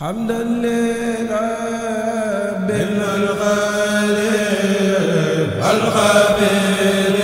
حمدا لرب الخالق الخبير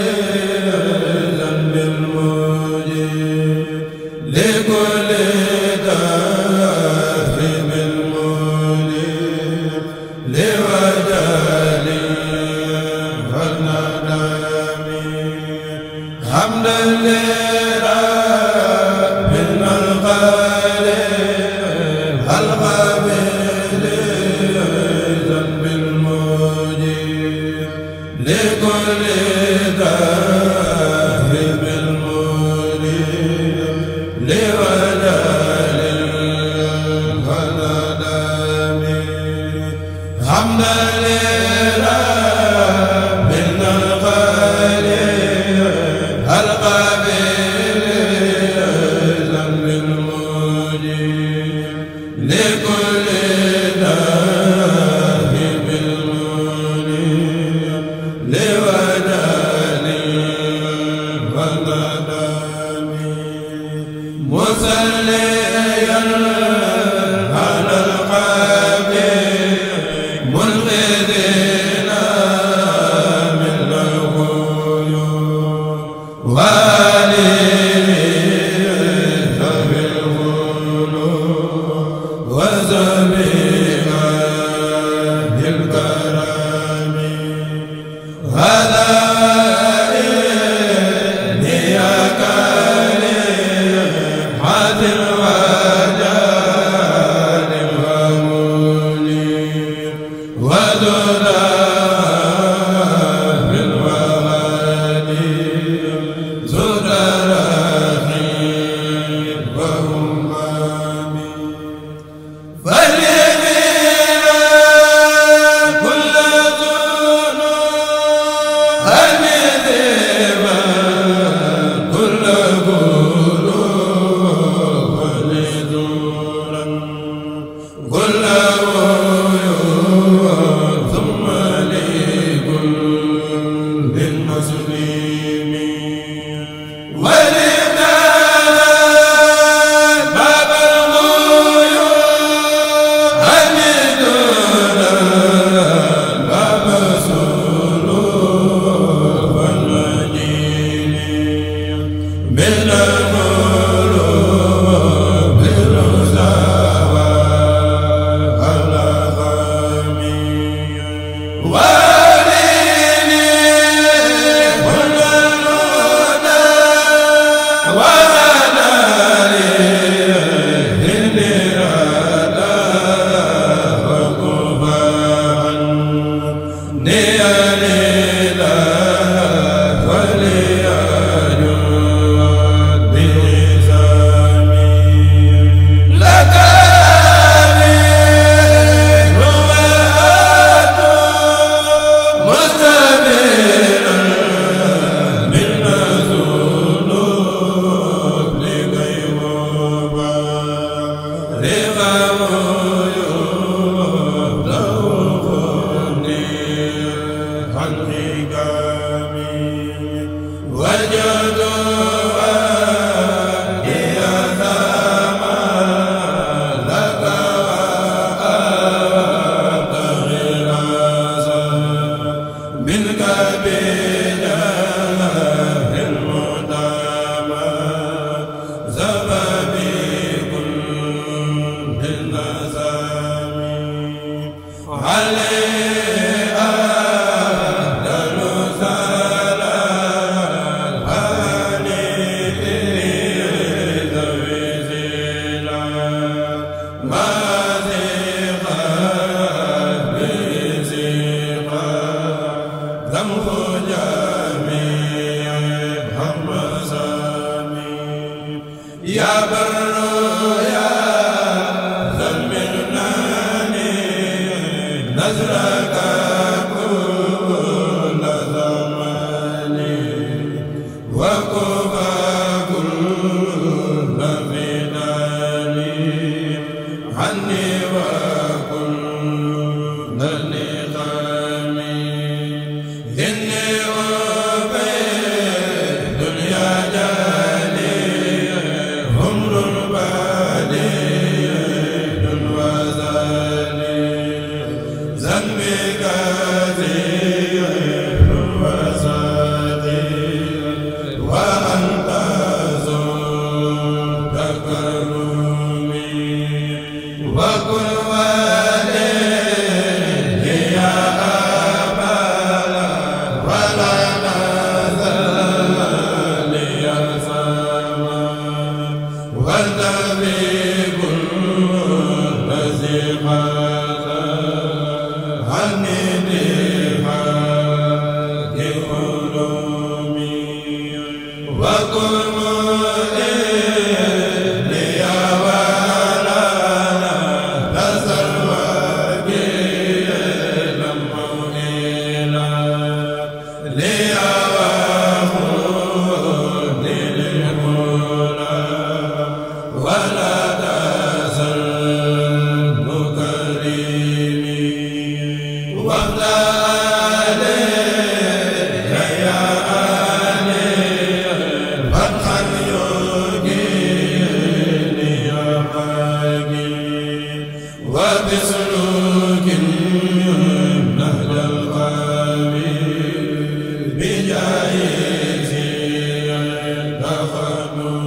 Amen.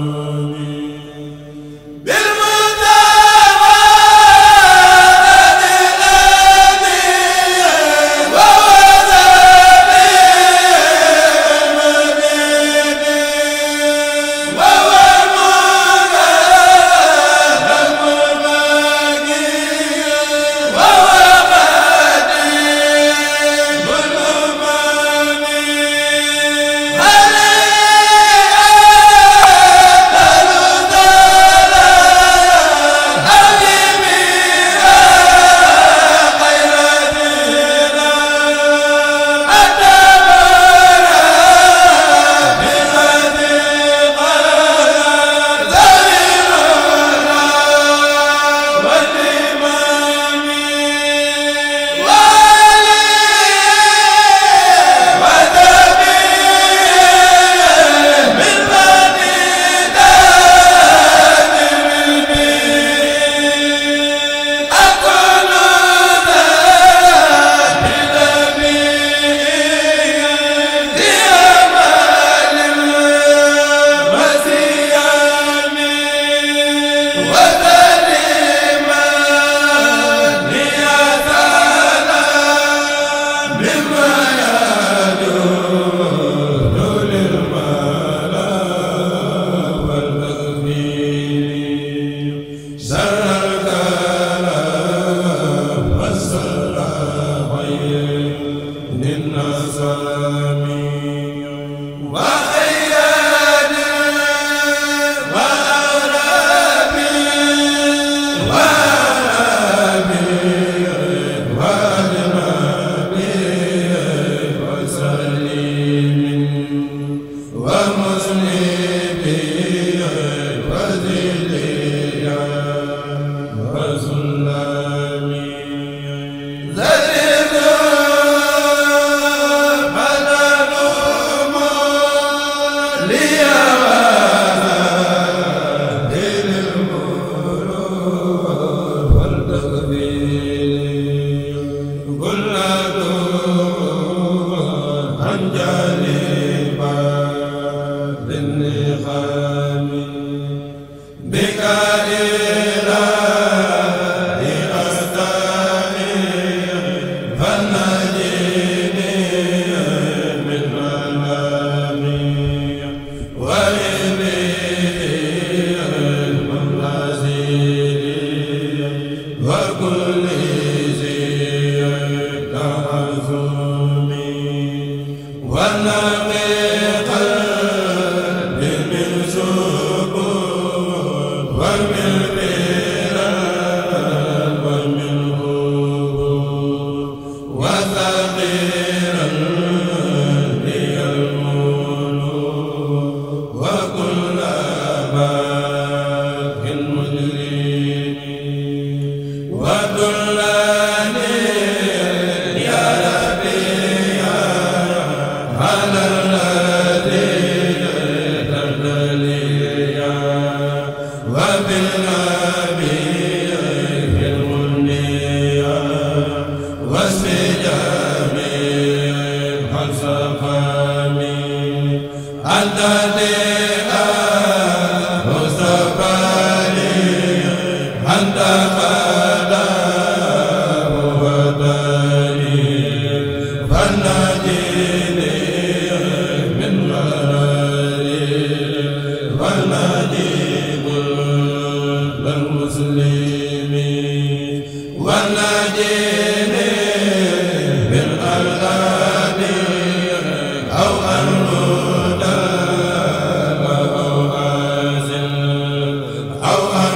aw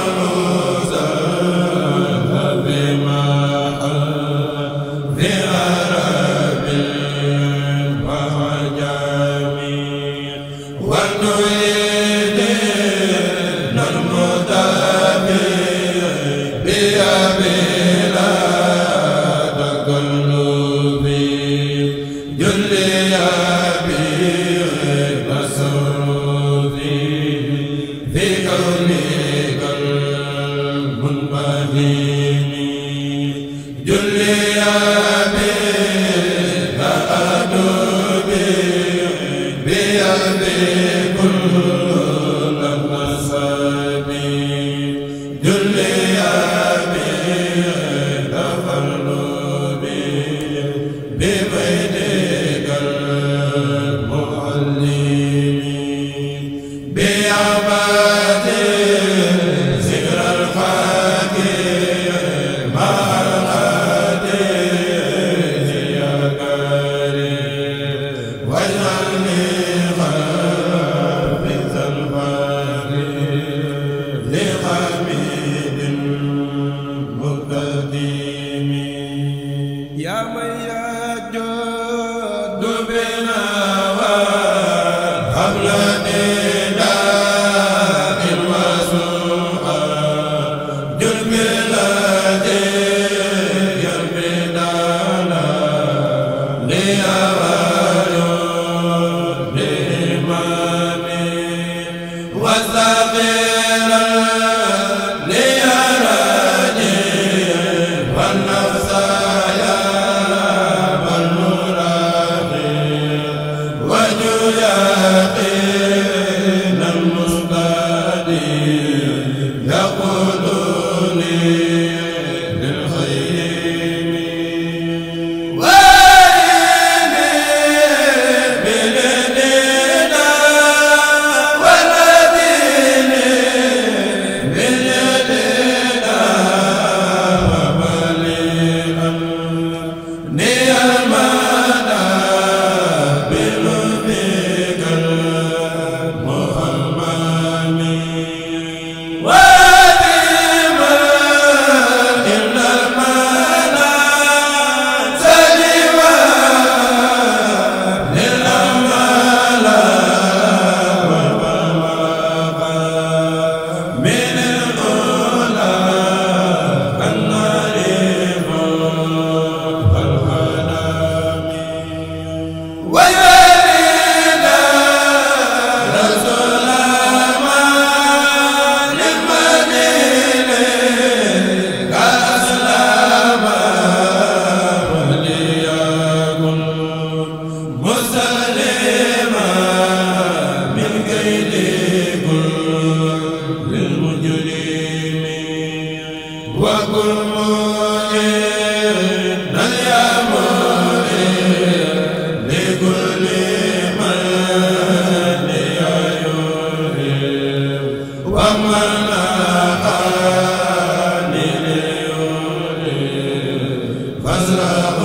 asra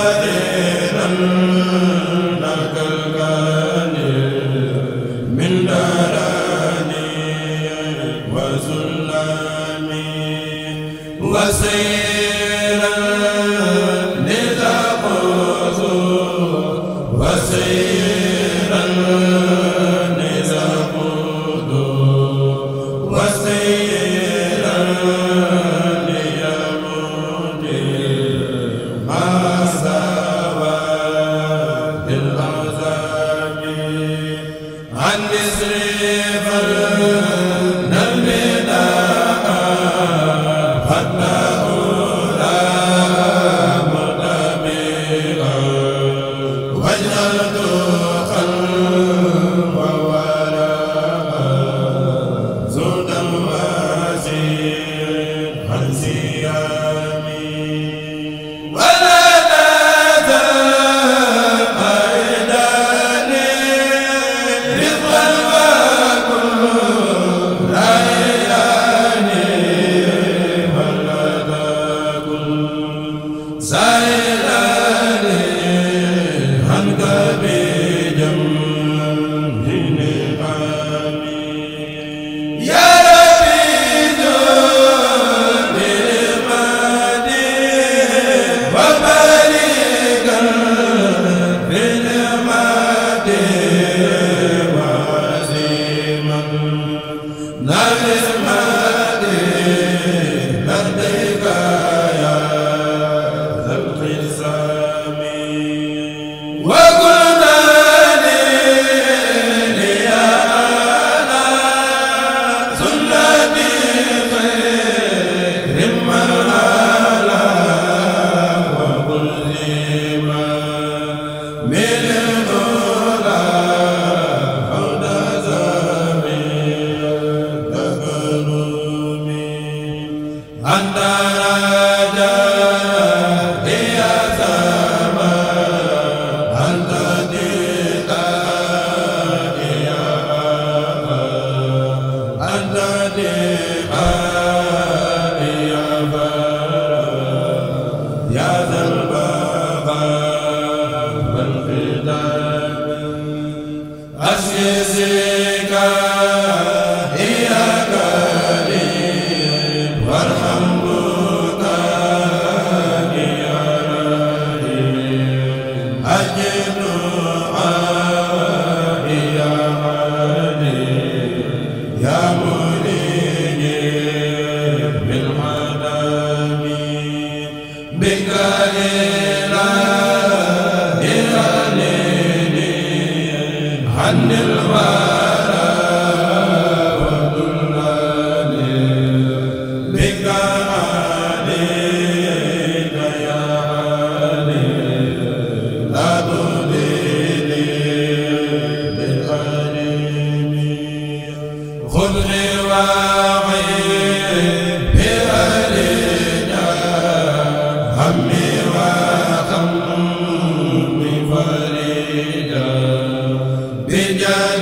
yaa anta yaa bi